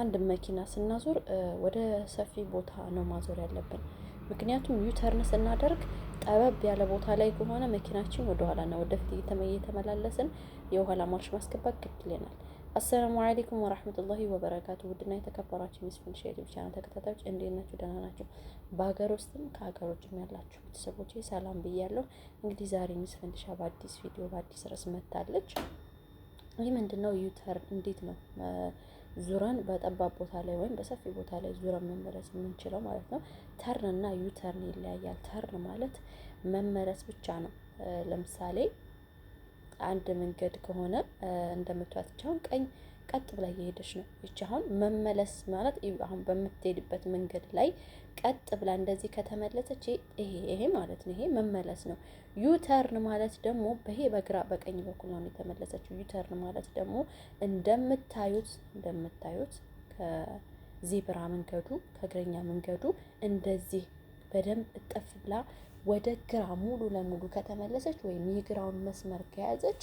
አንድ መኪና ስናዞር ወደ ሰፊ ቦታ ነው ማዞር ያለብን። ምክንያቱም ዩተርን ስናደርግ ጠበብ ያለ ቦታ ላይ ከሆነ መኪናችን ወደኋላና ወደፊት እየተመላለስን የኋላ ማርሽ ማስገባት ግድ ይለናል። አሰላሙ አለይኩም ወራህመቱላሂ ወበረካቱ። ውድና የተከበራችሁ ሚስፍን ሼር ቻናል ተከታታዮች እንዴት ናችሁ? ደህና ናችሁ? በሀገር ውስጥም ከሀገር ውጭም ያላችሁ ቤተሰቦች ሰላም ብያለሁ። እንግዲህ ዛሬ ሚስፍን ሻ በአዲስ ቪዲዮ በአዲስ ርዕስ መታለች። ይህ ምንድን ነው? ዩተርን እንዴት ነው ዙረን በጠባብ ቦታ ላይ ወይም በሰፊ ቦታ ላይ ዙረን መመለስ የምንችለው ማለት ነው። ተርን እና ዩተርን ይለያያል። ተርን ማለት መመለስ ብቻ ነው። ለምሳሌ አንድ መንገድ ከሆነ እንደምታያቸውን ቀኝ ቀጥ ብላ እየሄደች ነው። ይቺ አሁን መመለስ ማለት አሁን በምትሄድበት መንገድ ላይ ቀጥ ብላ እንደዚህ ከተመለሰች ይሄ ይሄ ማለት ነው። ይሄ መመለስ ነው። ዩተርን ማለት ደግሞ በሄ በግራ በቀኝ በኩል ነው የተመለሰችው። ዩተርን ማለት ደግሞ እንደምታዩት እንደምታዩት ከዜብራ መንገዱ ከእግረኛ መንገዱ እንደዚህ በደንብ እጠፍ ብላ ወደ ግራ ሙሉ ለሙሉ ከተመለሰች ወይም የግራውን መስመር ከያዘች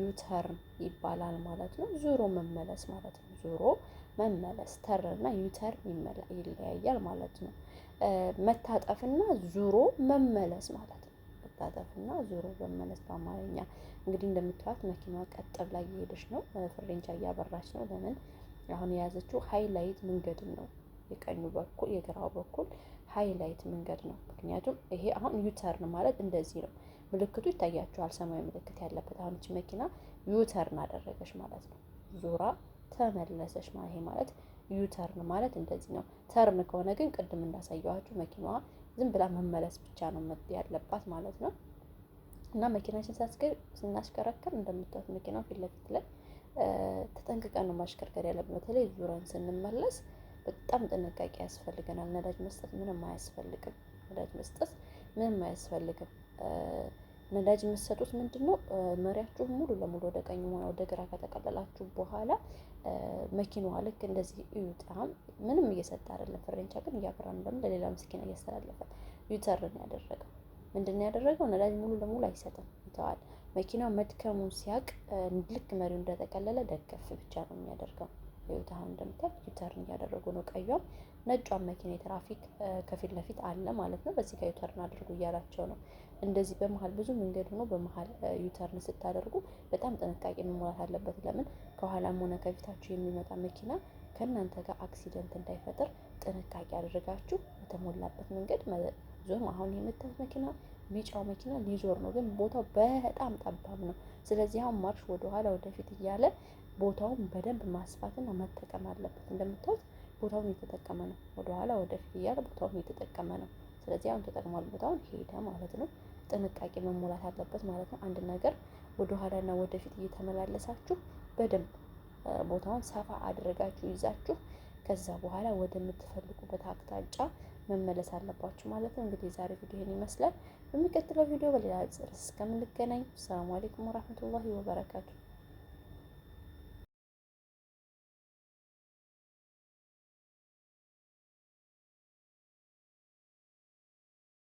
ዩተርን ይባላል ማለት ነው። ዞሮ መመለስ ማለት ነው። ዞሮ መመለስ ተርና ዩተርን ይለያያል ማለት ነው። መታጠፍና ዙሮ መመለስ ማለት ነው። መታጠፍና ዙሮ መመለስ በአማርኛ እንግዲህ እንደምታዩት መኪና ቀጥ ብላ እየሄደች ነው። ፍሬንቻ እያበራች ነው። ለምን አሁን የያዘችው ሃይላይት መንገድን ነው። የቀኙ በኩል የግራው በኩል ሃይላይት መንገድ ነው። ምክንያቱም ይሄ አሁን ዩተርን ማለት እንደዚህ ነው። ምልክቱ ይታያችኋል፣ ሰማያዊ ምልክት ያለበት። አሁን ይቺ መኪና ዩተርን አደረገች ማለት ነው። ዙራ ተመለሰች ማለት ይሄ ማለት ዩተርን ማለት እንደዚህ ነው። ተርን ከሆነ ግን ቅድም እንዳሳየኋችሁ መኪናዋ ዝም ብላ መመለስ ብቻ ነው ያለባት ማለት ነው። እና መኪናችን ሳስገር ስናሽከረከር እንደምታዩት መኪናው ፊት ለፊት ላይ ተጠንቅቀን ነው ማሽከርከር ያለብን። በተለይ ዙረን ስንመለስ በጣም ጥንቃቄ ያስፈልገናል። ነዳጅ መስጠት ምንም አያስፈልግም። ነዳጅ መስጠት ምንም አያስፈልግም። ነዳጅ የምትሰጡት ምንድን ነው? መሪያችሁ ሙሉ ለሙሉ ወደ ቀኝ ሆነ ወደ ግራ ከተቀለላችሁ በኋላ መኪናዋ ልክ እንደዚህ እዩት። ምንም እየሰጠ አይደለም። ፍሬንቻ ግን እያበራ ነው። ለሌላ ምስኪና እያስተላለፈ ዩተርን ያደረገው ምንድን ነው ያደረገው? ነዳጅ ሙሉ ለሙሉ አይሰጥም፣ ይተዋል። መኪናው መድከሙን ሲያቅ ልክ መሪው እንደተቀለለ ደገፍ ብቻ ነው የሚያደርገው። ይኸው አሁን እንደምታዩት ዩተርን እያደረጉ ነው። ቀዩም ነጯን መኪና የትራፊክ ከፊት ለፊት አለ ማለት ነው። በዚህ ጋር ዩተርን አድርጉ እያላቸው ነው። እንደዚህ በመሀል ብዙ መንገድ ሆኖ በመሀል ዩተርን ስታደርጉ በጣም ጥንቃቄ መሞላት አለበት። ለምን ከኋላም ሆነ ከፊታችሁ የሚመጣ መኪና ከእናንተ ጋር አክሲደንት እንዳይፈጥር ጥንቃቄ አድርጋችሁ በተሞላበት መንገድ ዞም አሁን የምታዩት መኪና ቢጫው መኪና ሊዞር ነው፣ ግን ቦታው በጣም ጠባብ ነው። ስለዚህ አሁን ማርሽ ወደኋላ ወደፊት እያለ ቦታውን በደንብ ማስፋትና መጠቀም አለበት። እንደምታዩት ቦታውን እየተጠቀመ ነው። ወደኋላ ወደፊት እያለ ቦታውን እየተጠቀመ ነው። ስለዚህ አሁን ተጠቅሟል፣ ቦታውን ሄደ ማለት ነው። ጥንቃቄ መሞላት አለበት ማለት ነው። አንድ ነገር ወደኋላና ወደፊት እየተመላለሳችሁ በደንብ ቦታውን ሰፋ አድርጋችሁ ይዛችሁ ከዛ በኋላ ወደምትፈልጉበት አቅጣጫ መመለስ አለባችሁ ማለት ነው። እንግዲህ የዛሬ ቪዲዮ ይህን ይመስላል። በሚቀጥለው ቪዲዮ በሌላ ጽርስ እስከምንገናኝ ሰላም አሌይኩም ወራህመቱላሂ ወበረካቱ።